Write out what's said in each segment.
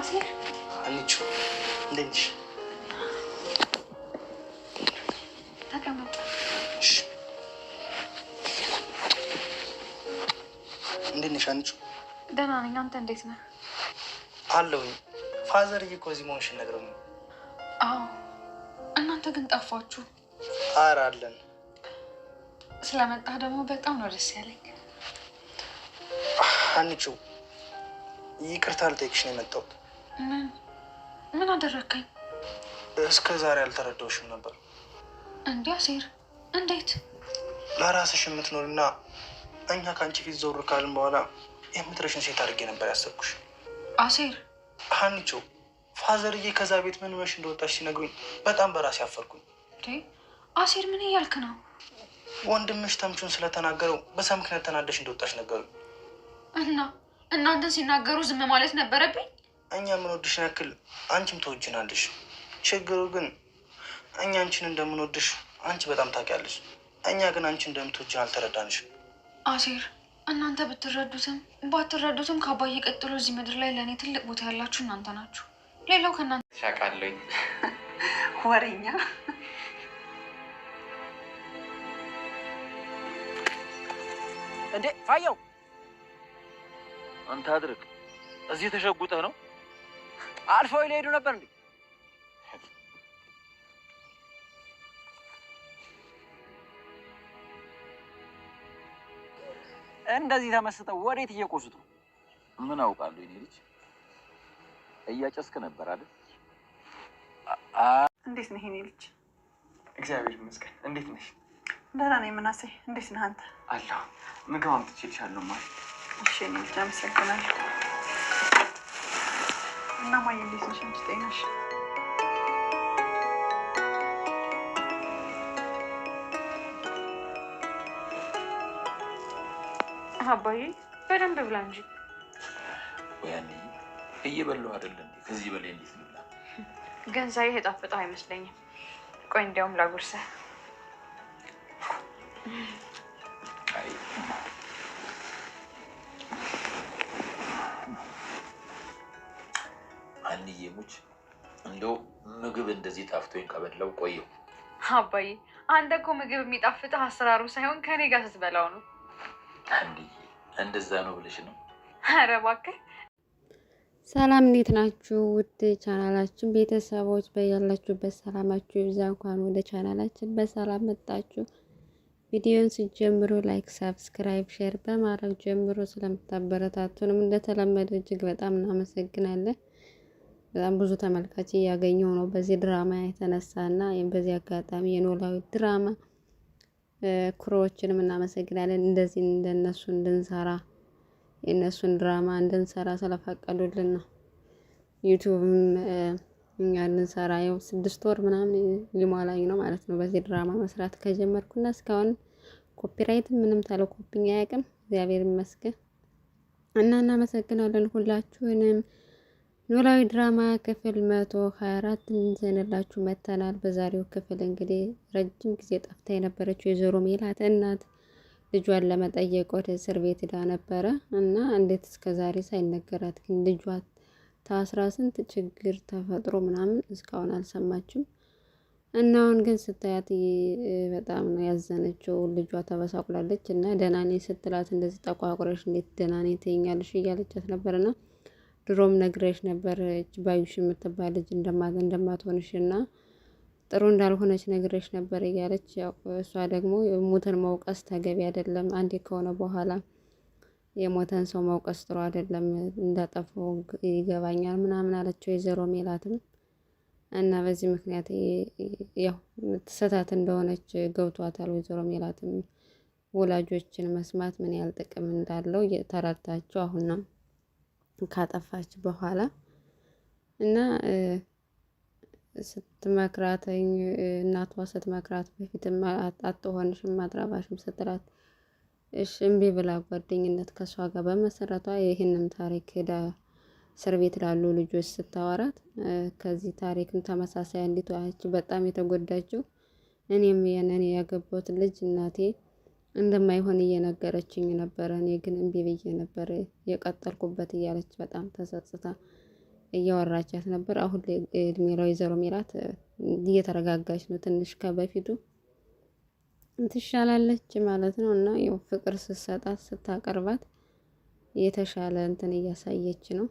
አሴር አለች። እንዴት ነሽ? ተቀመጥ። እንዴት ነሽ? አንቺ ደህና ነኝ። አንተ እንዴት ነህ? አለሁኝ። ፋዘርዬ እኮ እዚህ መሆንሽን አዎ፣ እናንተ ግን ጠፋችሁ። ኧረ አለን። ደግሞ በጣም ነው ደስ ያለኝ። አንቺው ይቅርታ ልጠይቅሽ ነው የመጣሁት ምን ምን አደረግከኝ? እስከ ዛሬ አልተረዳሁሽም ነበር። እንዲ አሴር፣ እንዴት ለራስሽ የምትኖርና እኛ ከአንቺ ፊት ዞር ካልን በኋላ የምትረሽን ሴት አድርጌ ነበር ያሰብኩሽ። አሴር ሀኒቾ፣ ፋዘርዬ ከዛ ቤት ምን መሽ እንደወጣሽ ሲነግሩኝ በጣም በራሴ አፈርኩኝ። አሴር፣ ምን እያልክ ነው? ወንድምሽ ተምቹን ስለተናገረው በዛ ምክንያት ተናደሽ እንደወጣሽ ነገሩኝ። እና እናንተን ሲናገሩ ዝም ማለት ነበረብኝ? እኛ የምንወድሽን ያክል አንቺም ተወጅናለሽ። ችግሩ ግን እኛ አንቺን እንደምንወድሽ አንቺ በጣም ታውቂያለሽ። እኛ ግን አንቺ እንደምትወጅን አልተረዳንሽ። አሴር፣ እናንተ ብትረዱትም ባትረዱትም ከአባዬ ቀጥሎ እዚህ ምድር ላይ ለእኔ ትልቅ ቦታ ያላችሁ እናንተ ናችሁ። ሌላው ከእናንተ ሻቃለኝ ወሬኛ እንዴ ፋየው፣ አንተ አድርግ እዚህ ተሸጉጠህ ነው አልፈው ይሄዱ ነበር እንዴ? እንደዚህ ተመስጠው ወዴት እየቆሱት ነው? ምን አውቃለሁ። እኔ ልጅ እያጨስክ ነበር አይደል? እንዴት ነህ የእኔ ልጅ? እግዚአብሔር ይመስገን። እንዴት ነሽ? ደህና ነኝ ምናሴ። እንዴት ነህ አንተ? አለሁ። ምግብ አምጥቼልሻለሁ ማለት። እሺ ልጅ፣ አመሰግናለሁ። እና ማየ እንዴት ነሽ? አባዬ በደንብ ብላ እንጂ ያኔ እየበላው አይደለም። ከዚህ በላይ እንዴት ብላ ገንዛዬ የጣፈጠ አይመስለኝም። ቆይ እንዲያውም ላጉርሰ እንደው ምግብ እንደዚህ ጣፍቶኝ ከበላው ቆየው። አባዬ አንተ እኮ ምግብ የሚጣፍጥህ አሰራሩ ሳይሆን ከኔ ጋር ስትበላው ነው። አንድዬ እንደዛ ነው ብለሽ ነው? ኧረ እባክህ። ሰላም እንዴት ናችሁ? ውድ ቻናላችን ቤተሰቦች በያላችሁበት ሰላማችሁ ይብዛ። እንኳን ወደ ቻናላችን በሰላም መጣችሁ። ቪዲዮን ስጀምሩ ላይክ፣ ሰብስክራይብ፣ ሼር በማድረግ ጀምሮ ስለምታበረታቱንም እንደተለመደ እጅግ በጣም እናመሰግናለን። በጣም ብዙ ተመልካች እያገኘው ነው በዚህ ድራማ የተነሳ እና በዚህ አጋጣሚ የኖላዊ ድራማ ክሮዎችንም እናመሰግናለን። እንደዚህ እንደነሱ እንድንሰራ የእነሱን ድራማ እንድንሰራ ስለፈቀዱልን ነው። ዩቱብም እኛ እንድንሰራ ያው ስድስት ወር ምናምን ሊሟላኝ ነው ማለት ነው በዚህ ድራማ መስራት ከጀመርኩና እስካሁን ኮፒራይት ምንም ተለኮብኝ አያውቅም። እግዚአብሔር ይመስገን እና እናመሰግናለን ሁላችሁንም። ኖላዊ ድራማ ክፍል መቶ ሀያ አራት ይዘንላችሁ መጥተናል። በዛሬው ክፍል እንግዲህ ረጅም ጊዜ ጠፍታ የነበረችው የዘሮ ሜላት እናት ልጇን ለመጠየቅ ወደ እስር ቤት ሄዳ ነበረ እና እንዴት እስከ ዛሬ ሳይነገራት ግን ልጇ ታስራ ስንት ችግር ተፈጥሮ ምናምን እስካሁን አልሰማችም። እና አሁን ግን ስታያት በጣም ነው ያዘነችው። ልጇ ተበሳቁላለች እና ደህና ነኝ ስትላት እንደዚህ ጠቋቁረሽ እንዴት ደህና ነኝ ትይኛለሽ እያለቻት ነበርና ድሮም ነግረሽ ነበረች ባዩሽ የምትባል ልጅ እንደማትሆንሽ እና ጥሩ እንዳልሆነች ነግረሽ ነበር እያለች እሷ ደግሞ የሞተን መውቀስ ተገቢ አይደለም። አንዴ ከሆነ በኋላ የሞተን ሰው መውቀስ ጥሩ አይደለም፣ እንዳጠፉ ይገባኛል ምናምን አለችው። የዘሮ ሜላትም እና በዚህ ምክንያት ያው ትሰታት እንደሆነች ገብቷታል። ወይዘሮ ሜላትም ወላጆችን መስማት ምን ያህል ጥቅም እንዳለው ተረድታችሁ አሁን ነው ካጠፋች በኋላ እና ስትመክራተኝ እናቷ ስትመክራት በፊትም አትሆንሽም አትረባሽም ስትላት እሽ እምቢ ብላ ጓደኝነት ከእሷ ጋር በመሰረቷ ይህንም ታሪክ ሄዳ እስር ቤት ላሉ ልጆች ስታወራት ከዚህ ታሪክም ተመሳሳይ አንዲቷ በጣም የተጎዳችው እኔም ያንን ያገባት ልጅ እናቴ እንደማይሆን እየነገረችኝ ነበረ። እኔ ግን እምቢ ብዬ ነበር የቀጠልኩበት እያለች በጣም ተጸጽታ እያወራቻት ነበር። አሁን እድሜ ለወይዘሮ ሜላት እየተረጋጋች ነው። ትንሽ ከበፊቱ ትሻላለች ማለት ነው። እና ያው ፍቅር ስትሰጣት ስታቀርባት የተሻለ እንትን እያሳየች ነው።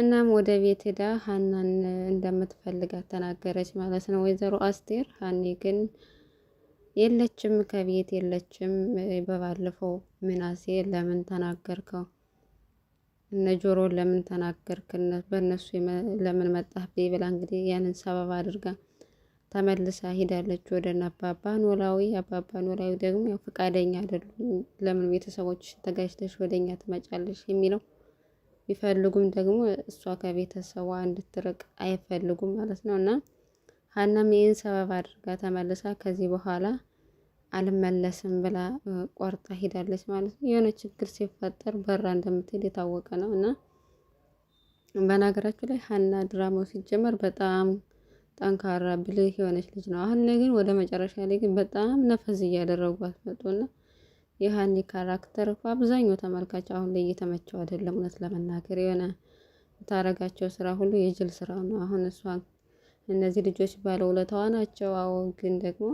እናም ወደ ቤት ሄዳ ሀናን እንደምትፈልጋት ተናገረች ማለት ነው ወይዘሮ አስቴር። ሀኔ ግን የለችም ከቤት የለችም። በባለፈው ምናሴ ለምን ተናገርከው? እነ ጆሮ ለምን ተናገርክ? በእነሱ ለምን መጣህ? ብላ እንግዲህ ያንን ሰበብ አድርጋ ተመልሳ ሂዳለች ወደ አባባ ኖላዊ። አባባ ኖላዊ ደግሞ ያው ፈቃደኛ አይደሉም። ለምን ቤተሰቦች ተጋጅተሽ ወደ እኛ ትመጫለሽ የሚለው ቢፈልጉም ደግሞ እሷ ከቤተሰቧ እንድትርቅ አይፈልጉም ማለት ነው እና ሀናም ይህን ሰበብ አድርጋ ተመልሳ ከዚህ በኋላ አልመለስም ብላ ቆርጣ ሄዳለች ማለት ነው። የሆነ ችግር ሲፈጠር በራ እንደምትሄድ የታወቀ ነው እና በነገራችሁ ላይ ሀና ድራማው ሲጀመር በጣም ጠንካራ ብልህ የሆነች ልጅ ነው። አሁን ላይ ግን ወደ መጨረሻ ላይ ግን በጣም ነፈዝ እያደረጓት መጡና የሀኒ ካራክተር እኮ አብዛኛው ተመልካች አሁን ላይ እየተመቸው አይደለም። እውነት ለመናገር የሆነ የምታረጋቸው ስራ ሁሉ የጅል ስራ ነው። አሁን እሷን እነዚህ ልጆች ባለውለታዋ ናቸው። አዎ ግን ደግሞ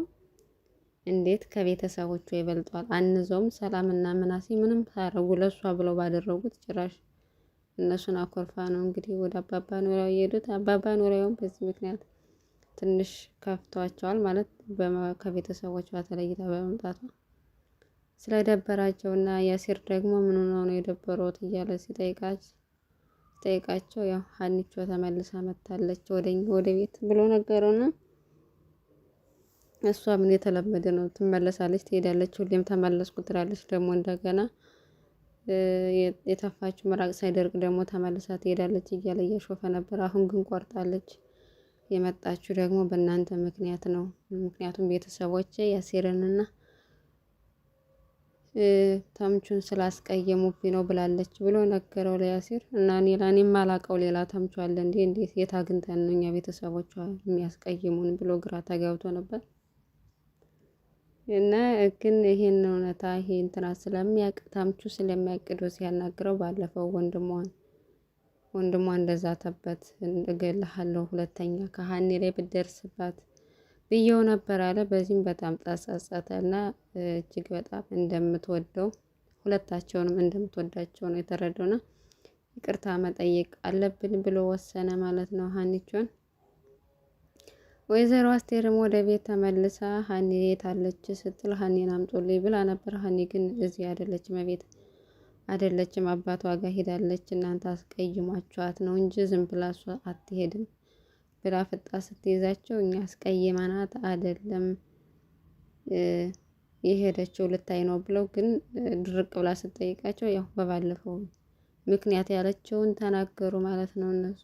እንዴት ከቤተሰቦቿ ይበልጧል? አንዞም ሰላምና ምናሴ ምንም ታረጉ ለእሷ ብለው ባደረጉት ጭራሽ እነሱን አኮርፋ ነው እንግዲህ ወደ አባባ ኖሪያው የሄዱት። አባባ ኖሪያውም በዚህ ምክንያት ትንሽ ከፍቷቸዋል ማለት ከቤተሰቦቿ ተለይታ በመምጣቷ ስለደበራቸውና ያሲር ደግሞ ምን ሆነው ነው የደበረውት እያለ ሲጠይቃች ጠይቃቸው ያው ሀኒቾ ተመልሳ መታለች ወደ ቤት ብሎ ነገረውና እሷ ምን የተለመደ ነው ትመለሳለች፣ ትሄዳለች፣ ሁሌም ተመለስኩ ትላለች። ደግሞ እንደገና የታፋች ምራቅ ሳይደርቅ ደግሞ ተመልሳ ትሄዳለች እያለ እያሾፈ ነበር። አሁን ግን ቆርጣለች። የመጣችሁ ደግሞ በእናንተ ምክንያት ነው። ምክንያቱም ቤተሰቦቼ ያሴረንና ተምቹን ስላስቀየሙብኝ ነው ብላለች ብሎ ነገረው ለያሲር እና እኔ ላኔም ሌላ ተምቹ አለ እንዴ እንዴት የት አግኝተን ነው እኛ ቤተሰቦቿ የሚያስቀይሙን ብሎ ግራ ተጋብቶ ነበር። እና ግን ይሄን እውነታ ይሄ እንትና ስለሚያቅ ተምቹ ስለሚያቅዶ ሲያናግረው ባለፈው ወንድሟን ወንድሟ እንደዛተበት እገልሃለሁ ሁለተኛ ከሀኒ ላይ ብደርስባት ብየው ነበር አለ። በዚህም በጣም ተጸጸተ እጅግ በጣም እንደምትወደው ሁለታቸውንም እንደምትወዳቸው ነው የተረዳውና ይቅርታ መጠየቅ አለብን ብሎ ወሰነ ማለት ነው ሀኒቾን። ወይዘሮ አስቴርም ወደ ቤት ተመልሳ ሀኒ የት አለች ስትል ሀኒን አምጡልኝ ብላ ነበር። ሀኒ ግን እዚህ አይደለችም፣ ቤት አይደለችም፣ አባቷ ጋር ሄዳለች። እናንተ አስቀይሟቸዋት ነው እንጂ ዝም ብላ እሷ አትሄድም ፍጣ ስትይዛቸው እኛ አስቀይመናት አይደለም የሄደችው ልታይ ነው ብለው ግን ድርቅ ብላ ስትጠይቃቸው ያው በባለፈው ምክንያት ያለችውን ተናገሩ ማለት ነው እነሱ።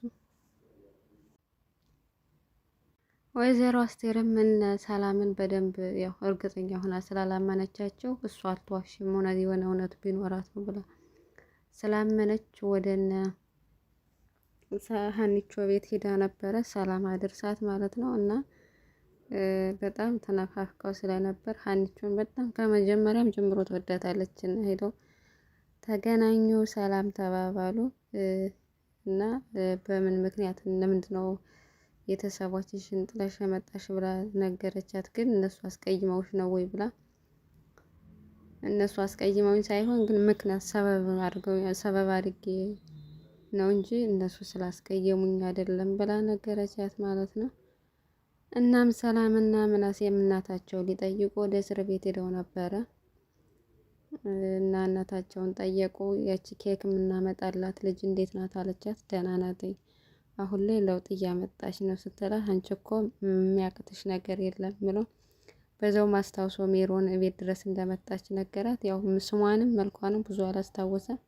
ወይዘሮ አስቴርም እነ ሰላምን በደንብ ያው እርግጠኛ ሆና ስላላመነቻቸው እሷ አትዋሽም፣ እውነት የሆነ እውነት ቢኖራት ነው ብላ ስላመነች ወደነ ሀኒቾ ቤት ሄዳ ነበረ ሰላም አድርሳት ማለት ነው። እና በጣም ተነፋፍቀው ስለነበር ሀኒቾን በጣም ከመጀመሪያም ጀምሮ ትወዳታለች እና ሄደው ተገናኙ፣ ሰላም ተባባሉ እና በምን ምክንያት ለምንድን ነው ቤተሰቦችሽን ጥለሽ የመጣሽ ብላ ነገረቻት። ግን እነሱ አስቀይመውሽ ነው ወይ ብላ እነሱ አስቀይመውኝ ሳይሆን ግን ምክንያት ሰበብ አድርገው ሰበብ አድርጌ ነው እንጂ እነሱ ስላስቀየሙኝ አይደለም ብላ ነገረቻት ማለት ነው። እናም ሰላምና ምናሴም እናታቸው ሊጠይቁ ወደ እስር ቤት ሄደው ነበረ እና እናታቸውን ጠየቁ። ያቺ ኬክ የምናመጣላት ልጅ እንዴት ናት አለቻት። ደህና ናት፣ አሁን ላይ ለውጥ እያመጣች ነው ስትላ አንቺ እኮ የሚያቅትሽ ነገር የለም ብሎ በዛው ማስታውሶ ሜሮን ቤት ድረስ እንደመጣች ነገራት። ያው ስሟንም መልኳንም ብዙ አላስታወሰም።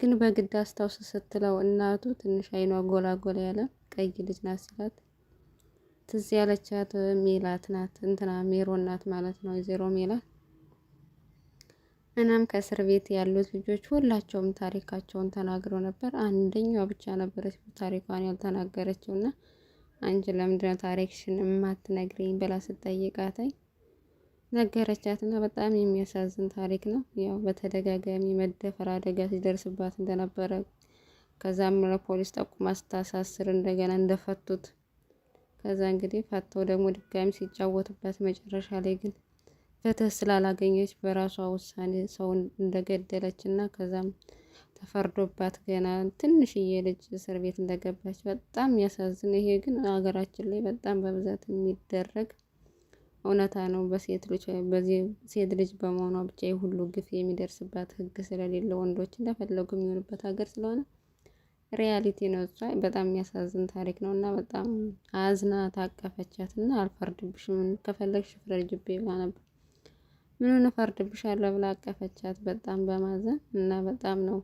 ግን በግድ አስታውስ ስትለው እናቱ ትንሽ አይኗ ጎላጎላ ያለ ቀይ ልጅ ናት ሲላት ትዝ ያለቻት ሜላት ናት እንትና ሜሮ ናት ማለት ነው ዜሮ ሜላት እናም ከእስር ቤት ያሉት ልጆች ሁላቸውም ታሪካቸውን ተናግረው ነበር። አንደኛዋ ብቻ ነበረች ታሪኳን ያልተናገረችው እና አንቺ ለምንድነው ታሪክሽን የማትነግሪኝ ብላ ስጠይቃታኝ ነገረቻት እና በጣም የሚያሳዝን ታሪክ ነው። ያው በተደጋጋሚ መደፈር አደጋ ሲደርስባት እንደነበረ ከዛም ለፖሊስ ጠቁማ ስታሳስር እንደገና እንደፈቱት ከዛ እንግዲህ ፈተው ደግሞ ድጋሚ ሲጫወትባት መጨረሻ ላይ ግን ፍትህ ስላላገኘች በራሷ ውሳኔ ሰው እንደገደለች እና ከዛም ተፈርዶባት ገና ትንሽዬ ልጅ እስር ቤት እንደገባች በጣም ያሳዝን። ይሄ ግን ሀገራችን ላይ በጣም በብዛት የሚደረግ እውነታ ነው። በሴት ልጅ በዚህ ሴት ልጅ በመሆኗ ብቻ የሁሉ ግፍ የሚደርስባት ህግ ስለሌለ ወንዶች እንደፈለጉ የሚሆንበት ሀገር ስለሆነ ሪያሊቲ ነው። እሷ በጣም የሚያሳዝን ታሪክ ነው እና በጣም አዝና ታቀፈቻት እና አልፈርድብሽም፣ ከፈለግሽ ፍረጅቤ ብላ ነበር። ምኑን እፈርድብሻለሁ ብላ አቀፈቻት በጣም በማዘን እና በጣም ነው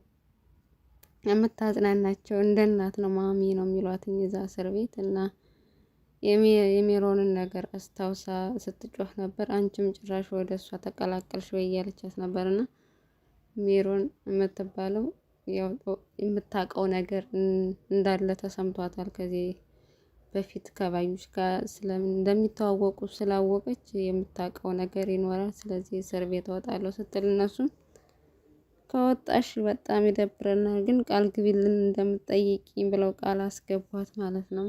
የምታጽናናቸው። እንደ እናት ነው ማሚ ነው የሚሏት እዛ እስር ቤት እና የሜሮንን ነገር አስታውሳ ስትጮህ ነበር። አንቺም ጭራሽ ወደ እሷ ተቀላቀልሽ ወይ እያለቻት ነበር እና ሜሮን የምትባለው የምታውቀው ነገር እንዳለ ተሰምቷታል። ከዚህ በፊት ከባዩሽ ጋር እንደሚተዋወቁ ስላወቀች የምታውቀው ነገር ይኖራል። ስለዚህ እስር ቤት እወጣለሁ ስትል እነሱም ከወጣሽ በጣም ይደብረናል፣ ግን ቃል ግቢልን እንደምትጠይቂኝ ብለው ቃል አስገቧት ማለት ነው።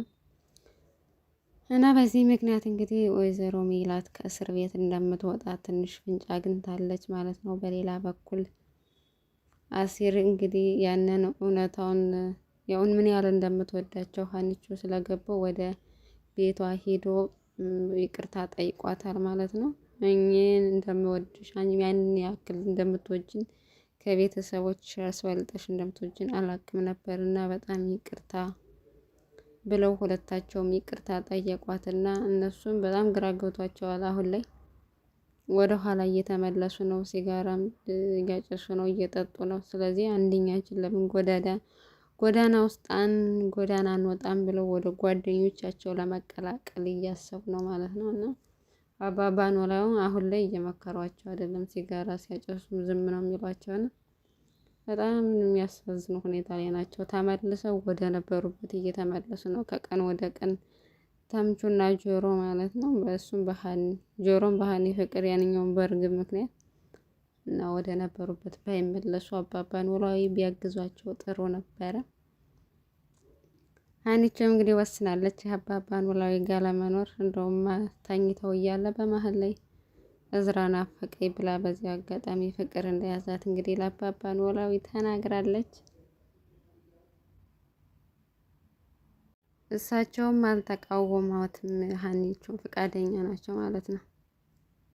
እና በዚህ ምክንያት እንግዲህ ወይዘሮ ሜላት ከእስር ቤት እንደምትወጣ ትንሽ ፍንጭ አግኝታለች ማለት ነው። በሌላ በኩል አሲር እንግዲህ ያንን እውነታውን የውን ምን ያህል እንደምትወዳቸው ሀኒቾ ስለገባው ወደ ቤቷ ሄዶ ይቅርታ ጠይቋታል ማለት ነው። እኔን እንደምወድሽ ያንን ያክል እንደምትወጅን ከቤተሰቦች አስበልጠሽ እንደምትወጅን አላቅም ነበር እና በጣም ይቅርታ ብለው ሁለታቸውም ይቅርታ ጠየቋትና እነሱም በጣም ግራ ገብቷቸዋል። አሁን ላይ ወደ ኋላ እየተመለሱ ነው፣ ሲጋራም እያጨሱ ነው፣ እየጠጡ ነው። ስለዚህ አንደኛችን ለምን ጎዳዳ ጎዳና ውስጥ አን ጎዳና አንወጣም ብለው ወደ ጓደኞቻቸው ለመቀላቀል እያሰቡ ነው ማለት ነው። እና አባባ ኖላዊ አሁን ላይ እየመከሯቸው አይደለም፣ ሲጋራ ሲያጨሱም ዝም ነው የሚሏቸውና በጣም የሚያሳዝኑ ሁኔታ ላይ ናቸው። ተመልሰው ወደ ነበሩበት እየተመለሱ ነው፣ ከቀን ወደ ቀን ተምቹና ጆሮ ማለት ነው። በእሱም በሀኒ ጆሮም ባህኒ ፍቅር ያንኛውን በእርግብ ምክንያት እና ወደ ነበሩበት ባይመለሱ አባባ ኖላዊ ቢያግዟቸው ጥሩ ነበረ። ሀኒችም እንግዲህ ወስናለች አባባ ኖላዊ ጋር ለመኖር እንደውም ተኝተው እያለ በመሀል ላይ እዝራ ናፈቀኝ ብላ በዚያ አጋጣሚ ፍቅር እንደያዛት እንግዲህ ለአባባ ኖላዊ ተናግራለች። እሳቸውም አልተቃወሟትም፣ ሀኒቹ ፈቃደኛ ናቸው ማለት ነው።